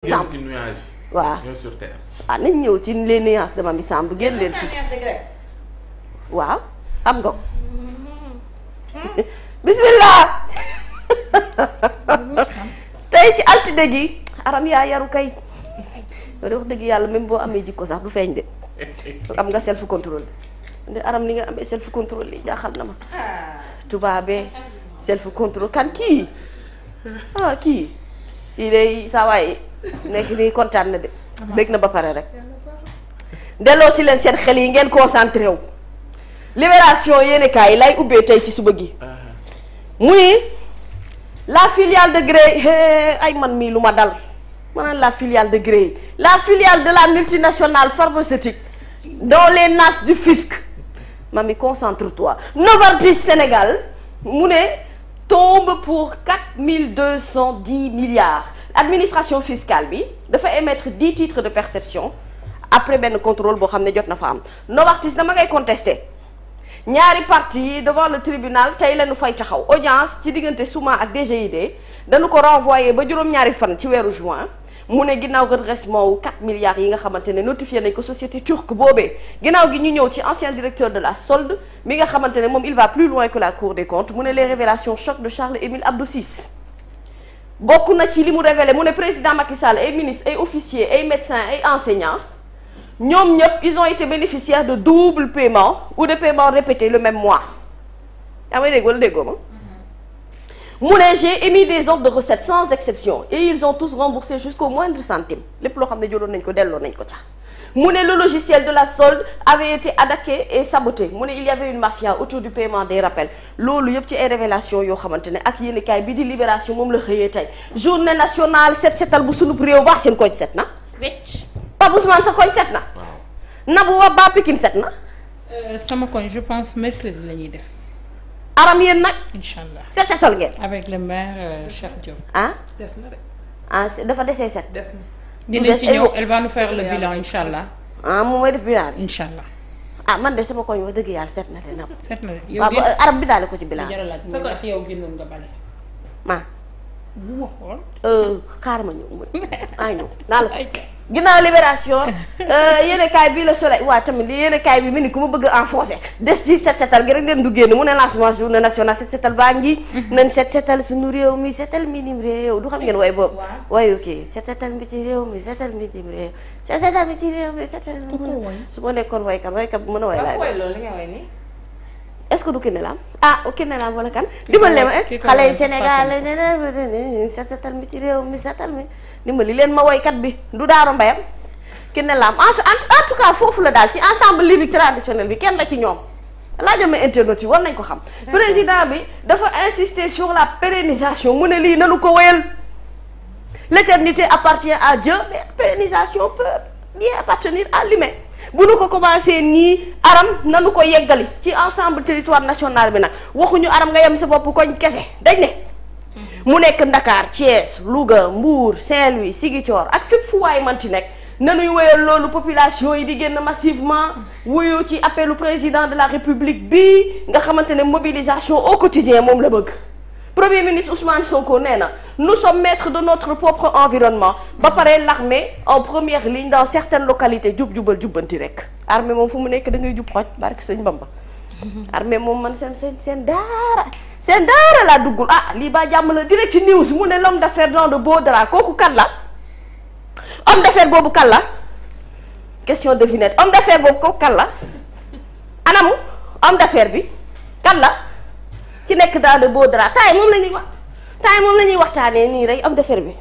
Samb génn ci nuage. Ah, nañ ñëw ci les nuances de Mamy Samb génn leen ci. waaw xam nga ko. Hmm. bismillah. tey ci altine gi. aram yaa yaru kay. loolu wax dëgg yàlla même boo amee ko sax du feeñ de. am nga self contrôle. de aram li nga amee self contrôle li jaaxal na ma. Ah. tubaabee self contrôle kan kii ah kii kii day saa nekk nii kontaan na de bëgg na ba pare rek delloo si leen seen xel yi ngeen concentré wu libération yéenekaay yi lay ubbee tey ci suba gi mu ni la filiale de Gré ay man mi lu ma dal maanaam la filiale de Gré la filiale de la multinationale pharmaceutique dans les nas du fisc mami concentre-toi Novartis Sénégal mu ne tombe pour quatre mille deux cent dix milliards administration fiscale bi dafa émettre dix titres de perception après benn contrôle boo xam ne jot na fa am Novartis dama ngay contesté ñaari partie devant le tribunal tey lañu fay taxaw audience ci diggante Souma ak DGID dañu ko renvoyé ba juróom-ñaari fan ci weeru juin mu ne ginnaaw redressement wu 4 milliards yi nga xamante ne notifié nañ ko société turque boobee ginnaaw gi ñu ñëw ci ancien directeur de la solde mi nga xamante ne moom il va plus loin que la cour des bokk na ci li mu révélé mu ne président Macky Sall ay ministres ay officiers ay médecins ay enseignants ñoom ñëpp ils ont été bénéficiaires de double paiement ou de paiement répété le même mois yaa may dégg wala déggoo ma mm-hmm. mu ne j'ai émis des ordres de recettes sans exception et ils ont tous remboursé jusqu'au moindre centime lépp loo xam ne jëloon nañ ko delloo nañ ko ca mu ne le logiciel de la solde avait été attaqué et saboté mu ne il y avait une mafia autour du paiement des rappels loolu yëpp ci ay révélation yoo xamante ne ak yéenekaay bi di libération moom la xëyee tey journée nationale set setal bu sunub réew baax seen koñ set na wecc Pape sa koñ set na nabu wa ba Pikine set na euh, sama koñ je pense mercredi la ñuy def aram yéen nag incha allah set setal ngeen avec le maire euh, Cheikh Diop ah des na rek ah, dafa desee set des na dinañ ci ñëw elle va nous faire le bilan incha ah moom mooy def bilan bi ah man de sama koñ wax dëgg yàlla set na de na. seet na de yow de arab bi daal ko ci bilan. sa ko ak yow génnoon nga bale. ma bu waxoon. Euh, ma ñëw ma maa ñëw naa la ko. ginnaaw libération euh, yéen kaay bii la soleil waa tamit yéen kaay bi mu ni ku ma bëgg a enfoncé des ci set setal gi rek leen du génn mu ne lancement journée nationale set setal baa ngi nañ set setal suñu réew mi setal minim réew du xam ngeen way boobu wayu kii set setal mi ci réew mi setal minim réew set setal mi ci réew mi setal su ma nekkoon waykat waykat bu mën a way laay est-ce que du Kiné Lam ah Kiné Lam wala kan dimbali ma eh. xale yi Sénégal nene set setal mi ci réew mi setal mi dimbali leen ma woykat bi du daaro mbayam Kiné Lam en en tout cas foofu la daal ci ensemble lyrique traditionnel bi kenn la ci ñoom laajal ma internautes yi nañ ko xam président bi dafa insister sur la pérennisation mu ne lii nanu ko wéyal l'éternité appartient à Dieu mais pérennisation peut bien appartenir à l'humain bu nu ko commencé nii aram nanu ko yeggali ci ensemble territoire national bi nag waxuñu aram nga yem sa bopp koñ kese dañ ne mu nekk Ndakaar Thiès Louga Mbour Saint-Louis Ziguinchor ak fépp fu waay manti nekk nuy woyal loolu population yi di génn massivement wuyu ci appelu président de la république bi nga xamante ne mobilisation au quotidien moom la bëgg premier ministre Ousmane Sonko nee na nous sommes maîtres de notre propre environnement ba pare l'armée en première ligne dans certaines localité jub jubal jubbanti rek. armée moom fu mu nekk da ngay jub xoj barke sëñ Bamba. armée moom man seen seen seen daara seen daara laa duggul ah lii ba jàmm la direct ci news mu ne l'homme d'affaires dans de beaux draps kooku kan la homme d'affaires boobu kan la question devinette homme d'affaires boobu kooku kan la anamu homme d'affaires bi kan ci nekk dans boo beaux draps moom la ñuy wax temps moom la ñuy waxtaanee nii rey am d'affaires bi.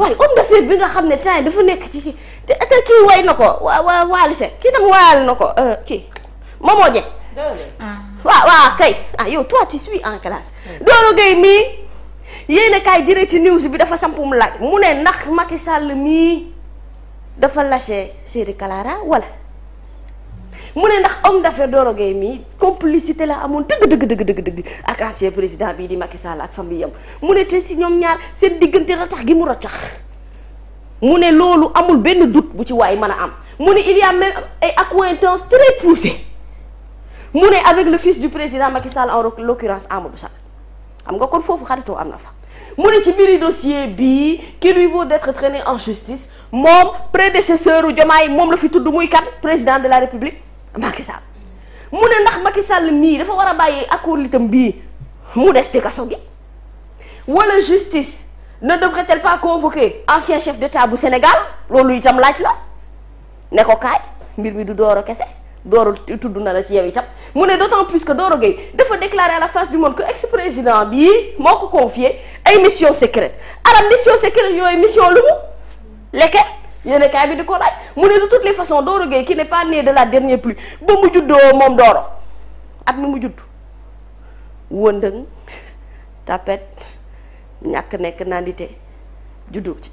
waaye homme d'affaires bi nga xam ne temps dafa nekk ci si te te kii way na ko waa waa waalise kii tam waayal na ko euh, kii Momo Dieng. Ah. waaw waaw kay ah yow toi tu suis en classe. Doro Gueye mii yéen direct news bi dafa sampum laaj mu ne ndax Macky sàll mii dafa lâché Seydi Kalara wala. mu ne ndax homme d'affaires Doro Gaye mii complicité la amoon dëgg dëgg dëgg dëgg dëgg ak ancien président bii di Macky Sall ak famille am mu ne te si ñoom ñaar seen diggante ratax gi mu ratax mu ne loolu amul benn doute bu ci waay man a am mu ne il y a même ay accointances très poussées mu ne avec le fils du président Macky Sall en l'occurrence Amadou Sall xam nga kon foofu xaritoo am na fa mu ne ci mbiri dossier bii qui lui vaut d'être traîné en justice moom prédécesseur u Diomaye moom la fi tudd muy kan président de la République Macky Sall mu ne ndax Macky Sall mii dafa war a bàyyi acolytam bii mu des ci kaso gi wala justice ne devrait-elle pas convoquer ancien chef d'état bu Sénégal loolu itam laaj la ne ko kaay mbir mi du Doro kese Doro tudd na la ci yow itam mu ne d'autant plus que Doro Gueye dafa déclaré à la face du monde que ex-président bii moo ko confié ay mission secrète aram mission secrète yooyu mission lu mu lekke yéen bi di ko laaj mu ne de toutes les façons Doro Gueye qui n'est pas né de la dernière pluie ba mu juddoo moom Doro at mi mu judd wëndëng tapet ñàkk nekk nandite juddoo ci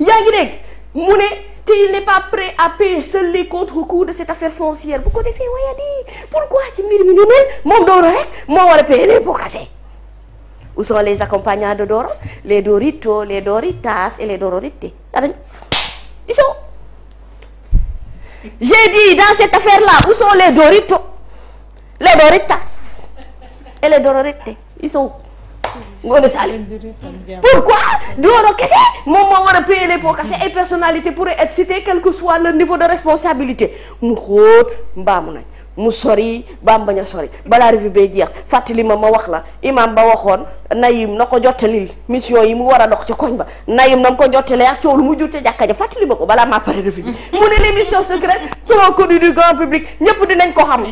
yaa ngi dégg mu ne te il n'est pas prêt à payer seul les contre-coups de cette affaire foncière bu ko defee waya di pourquoi ci mbir mi ni mel moom Doro rek moo war a payer les pots où sont les accompagnants de Doro les Doritos les Doritas et les Dororités anañ ils sont j'ai dit dans cette affaire là où sont les Doritos les Doritas et les Dororités ils sont où Ngoné Sali pourquoi Doro kese moom moo war a payer les pots cassés et personnalité pourrait être citée quel que soit le niveau de responsabilité mu xóot mbaamu nañ mu sori baam bañ a sori balaa revue bay jeex fàttali ma ma wax la imam ba waxoon nayim na ko jottalil mission yi mu war a dox ci koñ ba nayim na ko jottalee ak coow lu mu jurte jàkka ja fàttali ma ko balaa maa pare revue bi mu ne l'émission secrète selon connu du grand public ñépp dinañ ko xam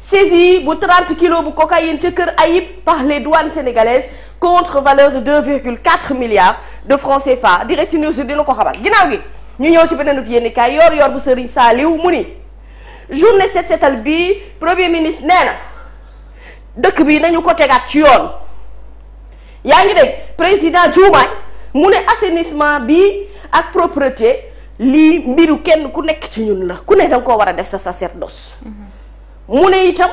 saisie bu 30 kilos bu cocaïne ca kër Ayib par les douanes sénégalaises contre valeur de 2,4 milliards de francs CFA Direct News dina ko xamal ginnaaw gi ñu ñëw ci beneen ub yéenekaay yor yor bu Serigne Saliou mu ni journée set setal bi premier ministre nee dëkk bi nañu ko tegaat ci yoon yaa ngi dégg président Diomaye mu ne assainissement bi ak propreté lii mbiru kenn ku nekk ci ñun la ku ne danga koo war a def sa sacerdoce mhm. mu ne itam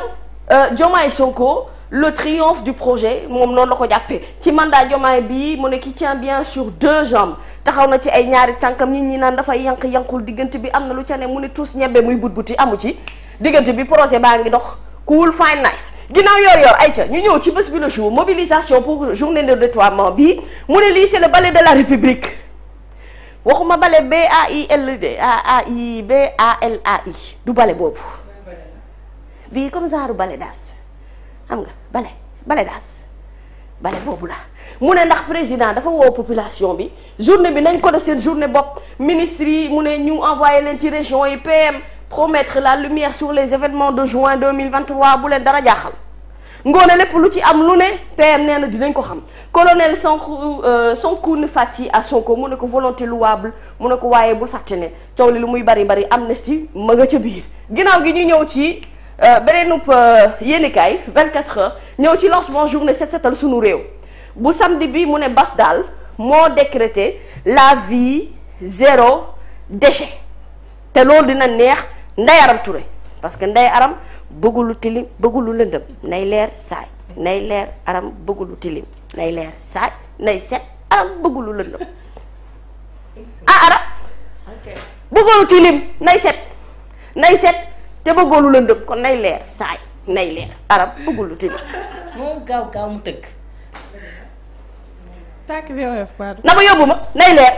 euh, Diomaye Sonko le triomphe du projet moom noonu la ko jàppee ci mandat Diomaye bii mu ne ki tient bien sur deux jambes taxaw na ci ay ñaari tànkam nit ñi naan dafay yank yankul diggante bi am na lu ca ne mu ne tous ñebe muy but buti amu ci diggante bi projet baa ngi dox cool fine nice ginnaaw yor yor ay ca ñu ñëw ci bés bi le jour mobilisation pour journée de déploiement bii mu ne lii c'est le ballet de la république waxuma ballet B A I L D A A I B A L A I du ballet boobu bii comme genre ballet daas xam nga bale bale daas bale boobu la mu ne ndax président dafa woo population bi journée bi nañ ko def seen journée bopp ministre yi mu ne ñu envoyé leen ci région yi PM promettre la lumière sur les événements de juin 2023 bu leen dara jaaxal ngoone lépp lu ci am lu ne PM nee na dinañ ko xam colonel Sankou euh, Sankoun Fati à Sonko mu ne ko volonté louable mu ne ko waaye bul fàtte ne coow li lu muy bari bari amnistie ma nga ca biir ginnaaw gi ñu ñëw ci Euh, beneenub euh, yéenekaay 24 heures ñëw ci lancement journée set setal sunu réew bu samedi bi mu ne bas daal moo décrété la vie zéro déchet te loolu dina neex Ndeye Aram Touré parce que nday Aram bëggul lu tilim bëggul lëndëm nay leer saay nay leer aram bëggul lu leer saay nay set aram bëggul lëndëm ah aram bëggul tilim nay set nay set te bëggoo lu lëndëm kon nay leer saay nay leer arab bëggul lu tëdd moom gaaw gaaw mu tëgg na ma yóbbu ma nay leer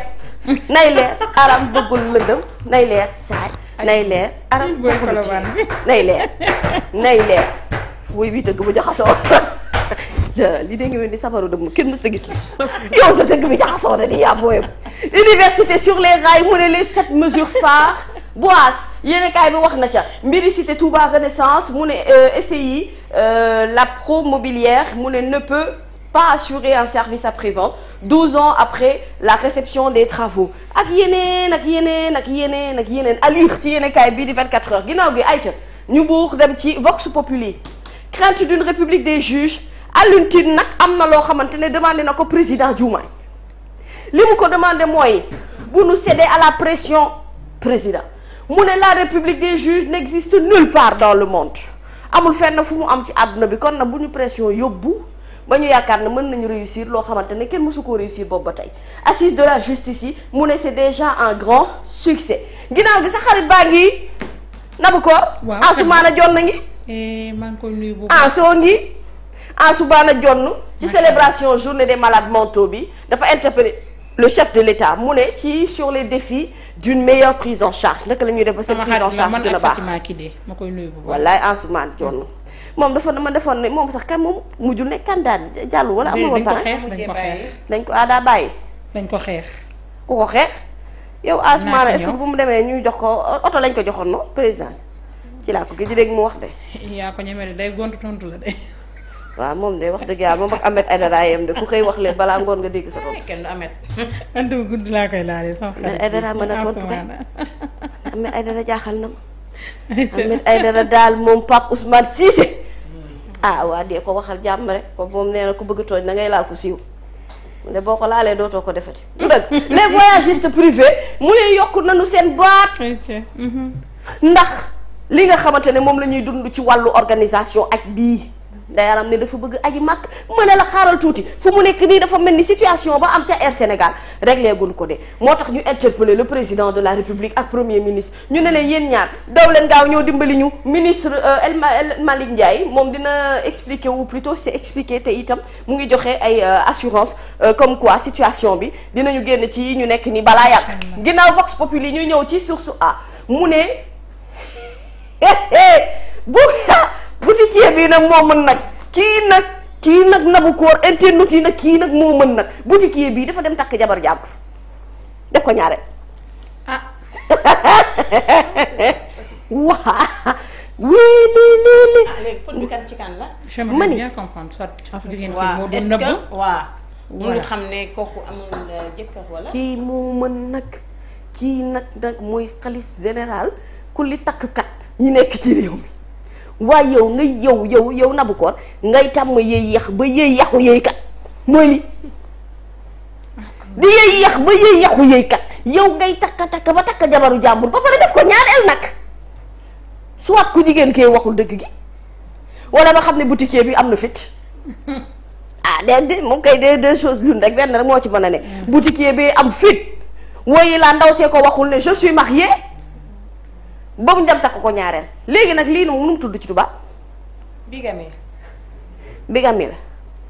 nay leer arab bëggul lëndëm nay leer saay nay leer arab bëggul lu tëdd nay leer nay leer woy bii tëgg bu jaxasoo li dégg mel sabaru dëmm kenn mës ta gis li yow sa tëgg bi jaxasoo na ni yaa booyam université sur les rails mu ne les sept mesures phares Boas yéenekaay bi wax na ca mbiri cité Touba Renaissance mu ne euh, SCI euh, la promobilière mu ne ne peut pas assurer un service après-vente 12 ans après la reception des travaux ak yeneen ak yeneen ak yeneen ak yeneen à lire ci yéenekaay bii di 24 heures ginnaaw gi ayca ñu buur dem ci Vox Populi crainte d'une république des juges Alioune Tine nag am na loo xamante ne demande na ko président Diomaye li mu ko demandé mooy bu nu céder à la pression président. mu ne la république des juges n'existe nulle part dans le monde amul fenn fu mu am ci àdduna bi kon nag bu ñu pression yóbbu ba ñu yaakaar ne mën nañu réussir loo xamante ne kenn mosu koo réussir boobu ba tey assise de la justice yi mu ne c'est déjà un grand succès ginnaaw gi sa xarit baa ngi nabu koor Ansoumana Dione na ngi eh, maa ngi koy nuyu bu Ansoo ngi Ansoumana Dione ci célébration journée des malades mentaux bi dafa interpellé le chef de l'État mu ne ci sur les défis d'une meilleure prise en charge naka la ñuy def ba seen prise en charge gën a baax ma koy nuyu bu baax wallaay Ansoumane Dione moom dafa dama defoon ne moom sax kan moom mujjul ne candidat jàllu wala amul woon pare dañ ko aadaa ah, bàyyi dañ ko xeex ku ko xeex yow Ansoumane est bu mu demee ñuy jox ko oto lañ ko joxoon no président ci laa ko gëj dégg mu wax de yaa ko ñemee de day gont tontu la de waaw moom de wax dëgg yàlla moom ak Ahmed Aïdara yem de ku xëy wax leen balaa ngoon nga dégg sa bopp. kenn du Ahmed. man dama gudd laa koy a ah, tontu daal moom Pape Ousmane ah, ko waxal jàmm rek ko moom nee na ku bëgg tooñ na ngay laal ko siiw. ne boo ko laalee dootoo ko defati. du dëgg les voyagistes privés mu yokk nañu seen baat. Mhm. ndax li nga xamante ne moom la ñuy dund ci wàllu organisation ak bii. ndayaram ne dafa bëgg aji màkk mën a la xaaral tuuti fu mu nekk nii dafa mel ni situation ba am ca Air Sénégal réglé guñ ko de moo tax ñu interpellé le président de la république ak premier ministre ñu ne leen yéen ñaar daw leen gaaw ñoo dimbali ñu ministre euh, El Malick Ndiaye moom dina expliqué wu plutôt c'est expliqué te itam mu ngi joxe ay euh, assurance euh, comme quoi situation bi dinañu génn ci ñu nekk nii balaa yàgg ginnaaw Vox Populi ñu ñëw ci source a mu ne boutiquier bii nag moo mën nag kii nag kii nag nabu koor internet yi nag kii nag moo mën nag boutiquier bii dafa dem takk jabar jàmbur def ko ñaareel ah waa wii lii ah, ci kan la ma ni waaw est-ce que waaw mu xam ne kooku amul euh, wala kii moo mën nag nag nag mooy xalif général ku li takk kat ñi nekk ci réew mi waaye yow nga yow yow yow nabu koor ngay tàmm yëy yax ba yëy yaxu yëykat mooy li di yëy yax ba yëy yaxu yëykat yow ngay takka takka ba takk jabaru jàmbur ba pare def ko ñaareel nag soit ku jigéen kee waxul dëgg gi walla ba xam ne boutiquier bi am na fit ah de moom dee de deux choses l'une rek benn rek moo ci mën a ne mm. boutiquier bi am fit wooyi laa ndaw see ko waxul ne je suis mariée ba njam dem takk ko ñaareel léegi nag lii moom nu mu tudd ci tubaab. bigamie. bigamie la.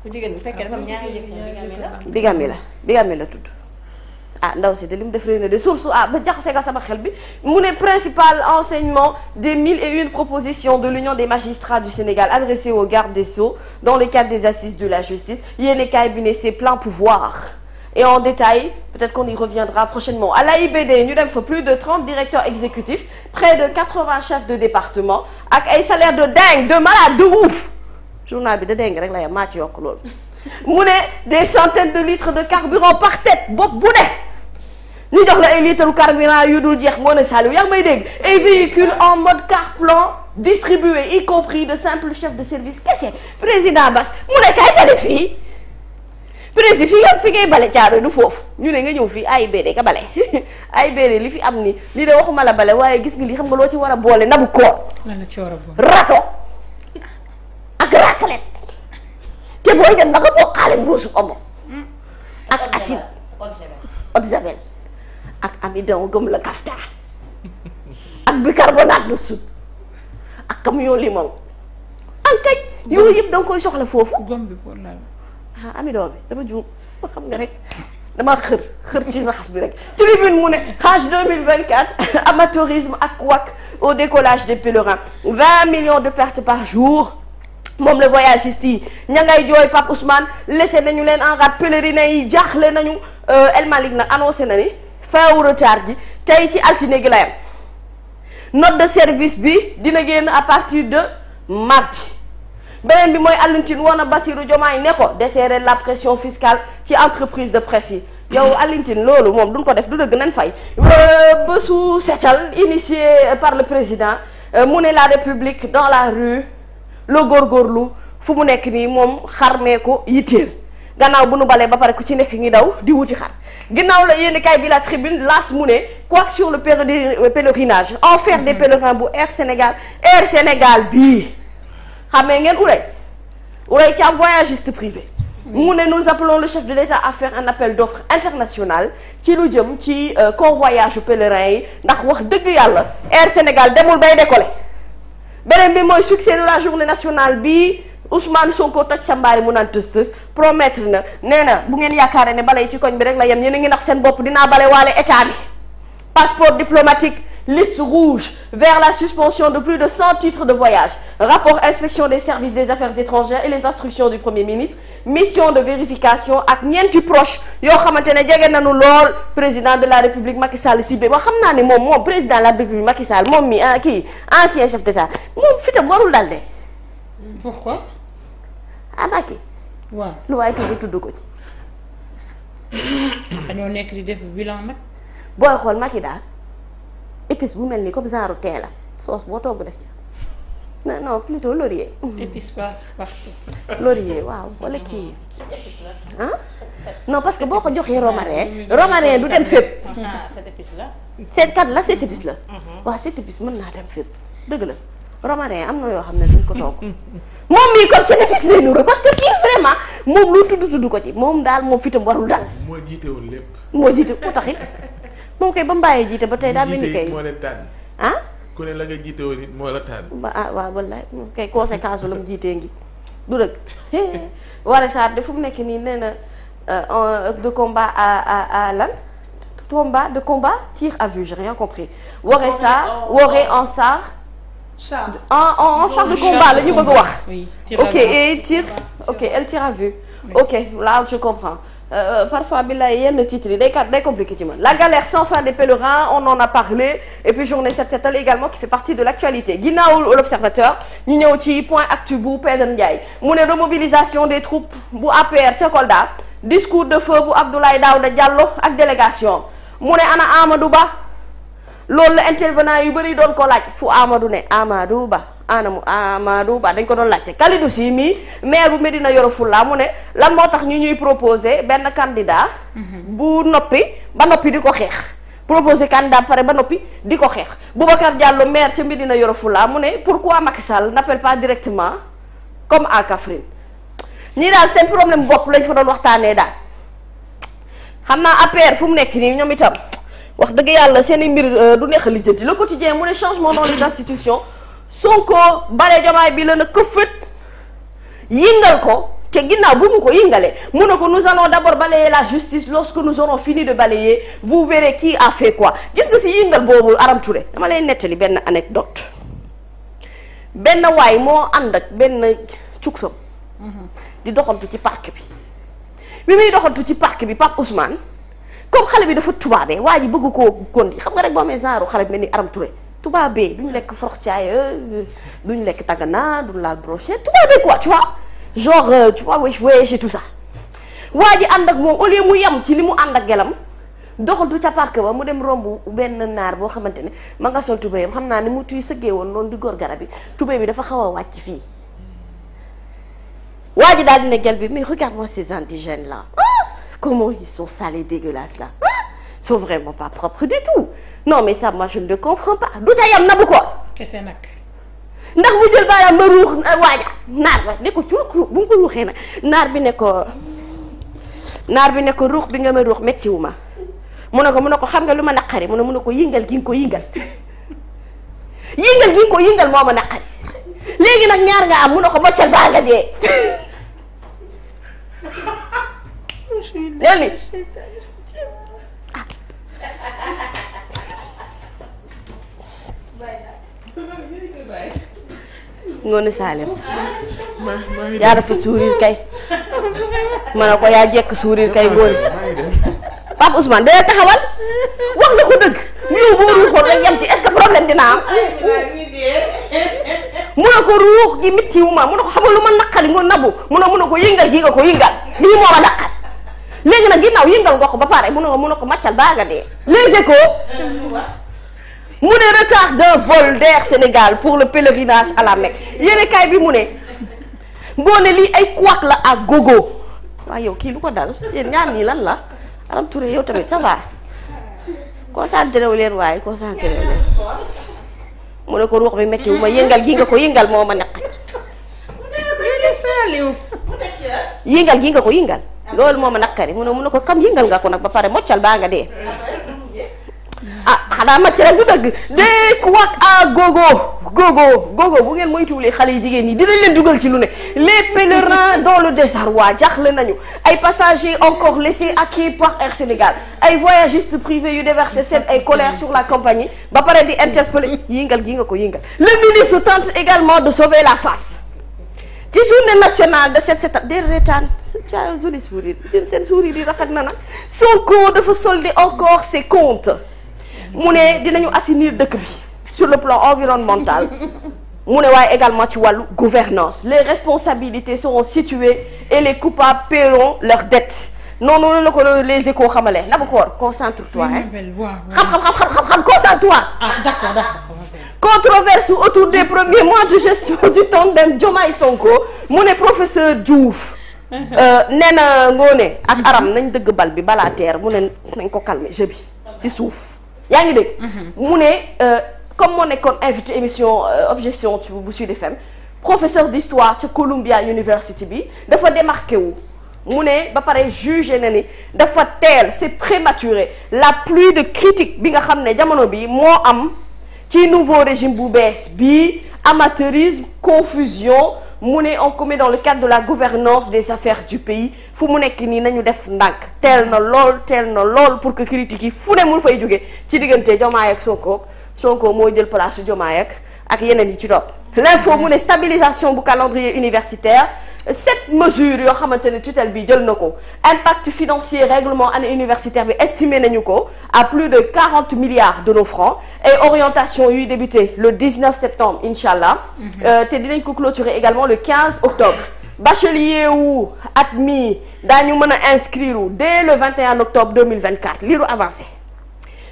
ku jigéen bu fekkee dafa am ñaari bigamie la. bigamie la bigamie la tudd. ah ndaw si de li mu def réer na de source ah ba jaxase nga sama xel bi mu ne principal enseignement des mille et une propositions de l'union des magistrats du Sénégal adressées au garde des Sceaux dans le cadre des assises de la justice yéen a kaay bi ne ses pleins pouvoirs. et en détail peut-être qu'on y reviendra prochainement à l'AIBD dem fa plus de 30 directeurs exécutifs près de 80 chefs de département ak ay de dingue de malade bi de dingue rek la yam maa ci yokk loolu mu ne des de litres de carburant par tête bopp bu ne ñu jox la ay litres carburant yu dul jeex moo ne Saliou yaa may dégg ay véhicules en de simples chefs de service kese président Bass mu prési fi nga fi ngay bale caaroy du foofu ñu ne nga ñëw fii AIBD ka bale AIBD li fi am ni lii de waxuma la bale waaye gis nga li xam nga loo ci war a boole ndabu koor lan a rato ak raclette te booy dem ba nga bokkaale mbuusu omo mm. ak acide eau de javel ak amidon gëm la kafta ak bicarbonate de soude ak camion limon ak kañ yooyu yëpp danga koy soxla foofu gom ah amidor bi dama juum ba xam nga rek dama xër xër ci raxas bi rek tribune mu ne Hajj 2024 amateurisme ak couac au décollage de pèlerins 20 millions de pertes par jour moom le voyagiste yi ña ngay jooy Pape Ousmane laissé nañu leen en rade pèlerins yi jaaxle nañu euh, El Malick nag annoncé na ni fin au retard ji tey ci altine gi la de service bi dina génn à partir de mardi beneen bi mooy Alioune Tine woon na Bassirou Diomaye ne ko desserrer la pression fiscale ci entreprise de presse yi yow Alioune loolu moom duñ ko def du dëgg nañ fay euh, bésu setal initié par le président euh, mu ne la république dans la rue la góorgóorlu fu mu nekk nii moom xar xarmee ko yitteel gannaaw bu nu balee ba pare ku ci nekk ngi daw di wuti xar ginnaaw la yéen kaay bi la tribune laas mu ne quoi sur le pèlerinage en faire des pèlerins bu Air Sénégal bii xamee ngeen Ouleye Ouleye Thiam voyagiste privé mu ne nous appelons le chef de l'État à faire un appel d'offres international ci lu jëm ci euh, convoyage pèlerins yi ndax wax dëgg yàlla Air Sénégal demul bay décollé beneen bi mooy succès de la journée nationale bi Ousmane Sonko toj sa mbaari mu naan tës tës promettre na nee na bu ngeen yaakaare ne bale yi ci koñ bi rek la yem ñu ngi nax seen bopp dinaa bale waale état bi passeport diplomatique liste rouge vers la suspension de plus de 100 titres de voyage rapport inspection des services des affaires étrangères et les instructions du premier ministre mission de vérification ak ñeenti proche yoo xamante ne jege nañu lool président de la république Macky Sall ciblé ba xam naa ne moom moom président de la république Macky Sall mi ah kii ancien chef d'état moom fitam warul dal de. pourquoi. ah Macky. waaw lu waaye tudd tudd ko ci. dañoo nekk di def bilan nag. booy daal. épice bu mel ni comme genre thé la sauce boo togg def ci non non plutôt laurier. épice waaw wala kii. ah non parce que boo ko joxee romarin. romarin du dem fépp. Ah, cette la. cette kat la cette épice la. Mhm. waaw cette épice mën naa dem fépp dëgg la. romarin am na yoo xam ne duñ ko togg moom mii comme cette épice lay nuru parce que kii vraiment moom lu tudd tudd ko ci moom daal moom fitam warul dal. moo jiite woon lépp. moo jiite ko taxit. moom kay ba mbaayee jiite ba tey daa mel ni kay moo leen tànn ah ku ne la nga jiite woon it moo la tànn ba ah waaw wallaay moom kay conséquence la mu jiitee ngi du dëgg Waré Sarr de fu mu nekk nii nee na euh, euh, de combat à à à lan combat de combat tir à vue j'ai rien compris Waré Sarr Waré en Sarr char en en char de combat la ñu bëgg a wax ok et tir ok elle tire à vue ok là je comprends Euh, euh, parfois billaay yenn titres yi day day compliqué ci la galère sans fin des pèlerins on en a parlé et puis journée set setal également qui fait partie de l'actualité ginnaaw l'observateur ñu ñëw ci point actu bu Penda Ndiaye mu ne remobilisation des troupes bu APR ca Kolda discours de feu bu Abdoulaye Daouda Diallo ak délégation mu ne ana Amadou Ba loolu la intervenant yu bëri doon ko laaj fu Amadou ne Amadou Ba anamu Amadou Ba dañ ko doon laajte Kalidou Sy mii maire bu Medina Yoro laa mu ne lan moo tax ñu ñuy proposé benn candidat mhm. bu noppi ba noppi di ko xeex proposé candidat pare ba noppi di ko xeex bu Boubacar Diallo maire ca Medina Yoro Fula mu ne pourquoi Macky Sall n'appelle pas directement comme à Kaffrine ñii daal seen problème bopp lañ fa doon waxtaanee daal xam naa APR fu mu nekk nii ñoom itam wax dëgg yàlla seen i mbir euh, du neex a lijjanti le quotidien mu ne changement dans les Sonko bale Diomaye bi la na këfët yëngal ko te ginnaaw bu mu ko yëngalee mun ne ko nous allons d'abord balayer la justice lorsque nous aurons fini de balayer vous verrez qui a quoi gis nga si yëngal boobu Aram dama lay nettali benn anecdote benn waay moo ànd ak benn cuksam di doxantu ci parc bi bi muy doxantu ci parc bi Pape Ousmane comme xale bi dafa tubaabee waa ji bëgg koo gondi xam nga rek boo amee genre xale bi mel ni Aram tubaabee duñ lekk forcaaye duñ lekk tagana duñ laal brochet tubaabee quoi tu vois euh, tu vois waa ji ànd ak moom au lieu mu yem ci li mu ànd ak gelam doxantu ca parc ba mu dem romb benn naar boo xamante ne ma nga sol tubéyam xam naa ne mu tuy sëggee woon noonu di góor garab yi tubéy bi dafa xaw a wàcc fii waa ji daal dina gel bi mais regarde-moi ces indigènes là ah comment ils sont sales et dégueulasses là ah! sont vraiment pas propres du tout non mais sa moi de ne le comprends pas du ca yam na ko. kese nag. ndax mu jël baaraam ba ruux waaja naar ba ne cuur bu nga ko ruuxee nag naar bi ne naar bi nekk ruux bi nga ma ruux méttiwu ma mu ne ko mu ne ko xam nga lu ma naqari mun ne mun ne ko yëngal gi nga ko yëngal yëngal gi nga ko yëngal moo ma naqari léegi nag ñaar nga am mu ne ko moccal baa nga dee. Ngoné Salim yaa rafet sourire kay ma ne ko yaa jekk sourire kay góor Pape Ousmane day taxawal wax na ko dëgg yow boo ruuxoon rek yem ci est-ce que problème dina mun na ko ruux gi mit ci wu ma mun na ko xamal lu naqari nga nabu mun na mun na ko yëngal gi nga ko yëngal lii moo ma naqari léegi nag ginnaaw yëngal nga ko ba pare mun na ko mun na ko màccal baa nga dee léegi ko mu ne retard d'un vol d'Air Sénégal pour le pèlerinage à la Mecque yéene kaay bi mu ne ngoone lii ay couac la ak gogo waaye yow kii lu ko dal yéen ñaar ñii lan la Aram Touré yow tamit ça va concentré wu leen waaye concentré wu leen mu ne ko ruux bi metti wu ma yëngal gii nga ko yëngal moo ma naq yëngal gii nga ko yëngal loolu moo ma naqari mu ne mu ne ko kam yëngal nga ko nag ba pare moccal baa nga dee ah xanaa match rek du dëgg de ku wax a gogo gogo gogo bu ngeen moytuwulee xale yi jigéen ñi dinañ leen dugal ci lu ne les pèlerins dans le désarroi jaaxle nañu ay passagers encore laissés ak pied par Air Sénégal ay voyagistes privés yu déversé seen ay collège sur la compagnie ba pare di interpeller yëngal gi nga ko yëngal le ministre tente également de sauver la face ci journée nationale de set setal des retaan ca joli seen sourire yi rafet na nag Sonko dafa solder encore ses comptes mu ne dinañu assainir dëkk bi sur le plan environnemental mu ne waaye également ci wàllu gouvernance les responsabilités seront situées et les coupables paieront leurs dettes noonu la ko les échos xamale na ko koor concentre-toi xam xam xam xam xam concentre-toi ah d'accord d'accord controverse autour des premiers mois de gestion du tandem Diomaye Sonko mu ne professeur Diouf euh, nee na Ngoné ak Aram nañ dëgg bal bi balaa teer mu ne nañ ko calmer jeu bi ci suuf yaa ngi dégg. Mhm. mu ne euh, comme moo nekkoon invité émission euh, objection ci bu Sud FM professeur d'histoire ca Columbia University bi dafa démarqué wu. mu ne ba pare jugé na ni dafa teel c'est prématuré la pluie de critiques bi nga xam ne jamono bi moo am ci nouveau régime bu bees bi amateurisme confusion. mu ne on commet dans le cadre de la gouvernance des affaires du pays fu mu nekk nii nañu def ndànk teel na lool teel na lool pour que critiques yi fu ne mun fay jóge ci diggante Diomaye ak Sonko Sonko moo jël place su Diomaye ak ak yeneen yi ci topp l'info mu ne stabilisation bu calendrier universitaire cette mesure yoo xamante ne tutelle bi jël na ko impact financier règlement année universitaire bi estimé nañu ko à plus de 40 milliards de nos francs et orientation yuy débuté le 19 septembre incha allah mhm. euh, te dinañ ko clôturer également le 15 octobre bachelier wu at mi daañu mën a inscrire wu dès le 21 octobre 2024 liiru avancé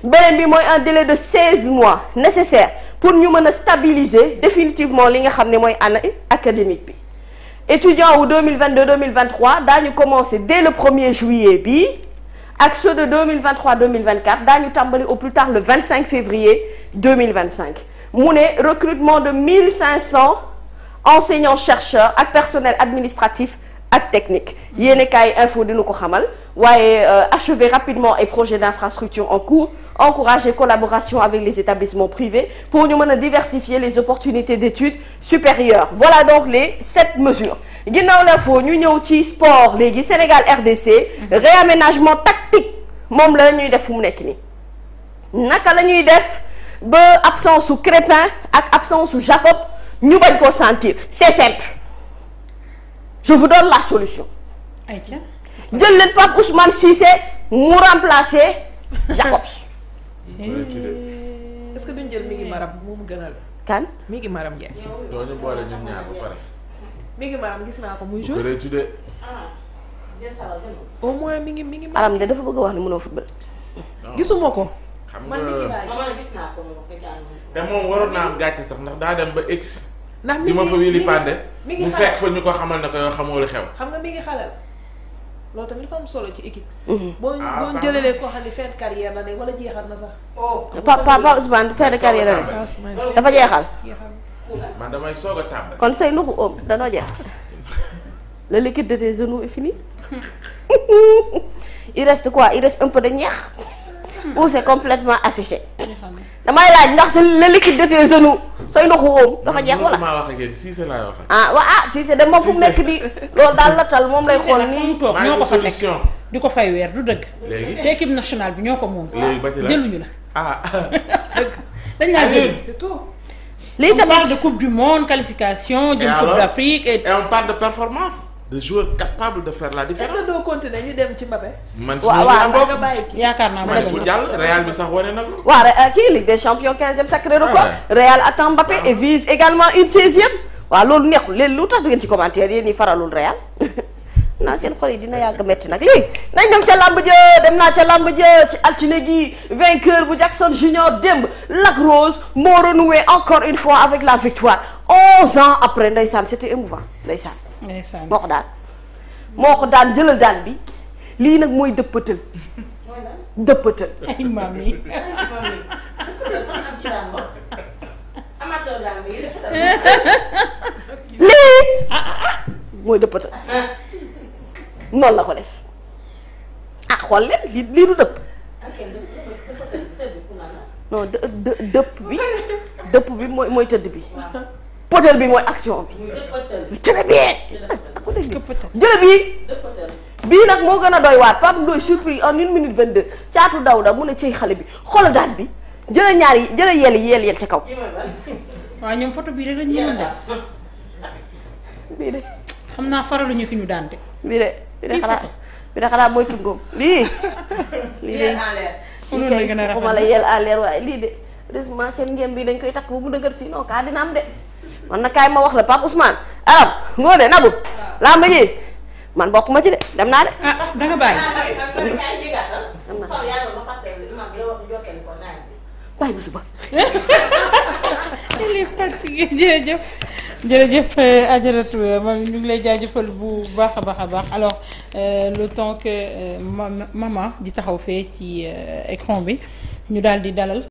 beneen bi mooy un délai de 16 mois nécessaire pour ñu mën a stabiliser définitivement li nga xam ne mooy année académique bi étudiants wu 2022 2023 daañu commencer dès le 1er juillet bi ak ceux de 2023 2024 daañu tàmbali au plus tard le 25 février 2025 mu ne recrutement de 1500 enseignants chercheurs ak personnel administratif ak technique yéen a kaay info dinu ko xamal waaye euh, achever rapidement les projets d'infrastructure en cours encourager collaboration avec les établissements privés pour ñu mën a diversifier les opportunités d'études supérieures voilà donc les sept mesures ginnaaw la foo ñu ñëw ci sport léegi Sénégal RDC réaménagement tactique moom la ñuy def fu mu nekk nii naka la ñuy def ba absence su Crépin ak absence su Jacob ñu bañ koo sentir c'est simple je vous donne la solution jël leen man Ousmane Cissé mu remplacer Jacobs est-ce que duñ jël mi ngi maram mu gënal. kan mi ngi maram Ndiaye. doo ñu boole ñun ñaar ba pare. mi ngi maram gis naa ko muy jour. bu de. au mi ngi mi ngi. maram de dafa bëgg wax ne mënoo football. gisuma ko. xam nga te moom waroon naa am gàcce sax ndax daa dem ba ex. ndax mi ngi ma fa wili pande mu fekk fa ñu ko xamal ne ko xam nga mi ngi xalal. loolu tamit dafa am solo ci équipe. Mhm. boo ah, boo jëlalee koo xam ne fin de carrière la wala jeexal na sax. oh Pa Pa Ousmane de oh. dafa jeexal. man damay soog a tàmbali. kon say nuxu oom danoo jeex le liquide de tes genoux est fini il reste quoi il reste un peu de ñeex ou c'est complètement damay laaj ndax sa le liquide de tes genoux sooy ndoxu oom dafa jeex wala ah wa ah Cissé dama fu mu nekk di loolu daal la tal moom lay xool nii toog ñoo ko fa nekk di ko fay weer du dëgg léegi te équipe nationale bi ñoo ko moom jëluñu la ah dañ laa jël c'est tout lii tamit on parle de coupe du monde qualification jël coupe d'Afrique et on parle de performance de joueurs capables de faire la différence. est-ce que doo continuer ñu dem ci Mbappé. man ci nga bàyyi yaakaar naa ma fu jàll Real mi sax wane na ko. waaw kii Ligue des champions quinzième sacré record. Ah Real attend Mbappé ah et vise également une seizième. waaw loolu neexul lu tax du ngeen ci commentaire yéen ñi faralul Real. naa seen xol yi dina yàgg metti nag léegi nañ dem ca làmb dem naa ca làmb jë ci altine gi vainqueur bu Jackson Junior démb Lac Rose moo renoué encore une fois avec la victoire 11 ans après ndeysaan c'était émouvant ndeysaan moo ko daan moo ko daan jëlal daan bi lii nag mooy dëppatal dëppatal ay lii mooy dëppatal noonu la ko def ah xool leen lii lii dëpp dë dëpp bi dëpp bi mooy tëdd bi potel bi mooy action bi. très bien. jële bii. bii nag moo gën a doy waat Pape Ndoye surpris en une minute vingt caatu daw da mu ne cey xale bi xoolal daal bi jële ñaar yi jële yel yi yel yel ca kaw. waaw ñoom photo bii rek la ñu mën de. xam naa faraluñu ki ñu daan de. bii de bii de xanaa bii de xanaa mooy tungoom lii. lii de mënoon na gën a rafetlu lii kay waxuma la seen ngeen bi dañ koy takk ba mu dëgër sinon kaa dina am de. man na kaay ma wax la Pape Ousmane arab ngoone nabu làmb ji man bokk ma ci de dem naa de. ah da nga bàyyi. dem naa bàyyi bu suba. jërëjëf jërëjëf euh, Adjaratou euh, moom ñu ngi lay jaajëfal bu baax a baax a baax alors euh, le temps que maman di taxaw fee ci écran bi ñu daal di dalal.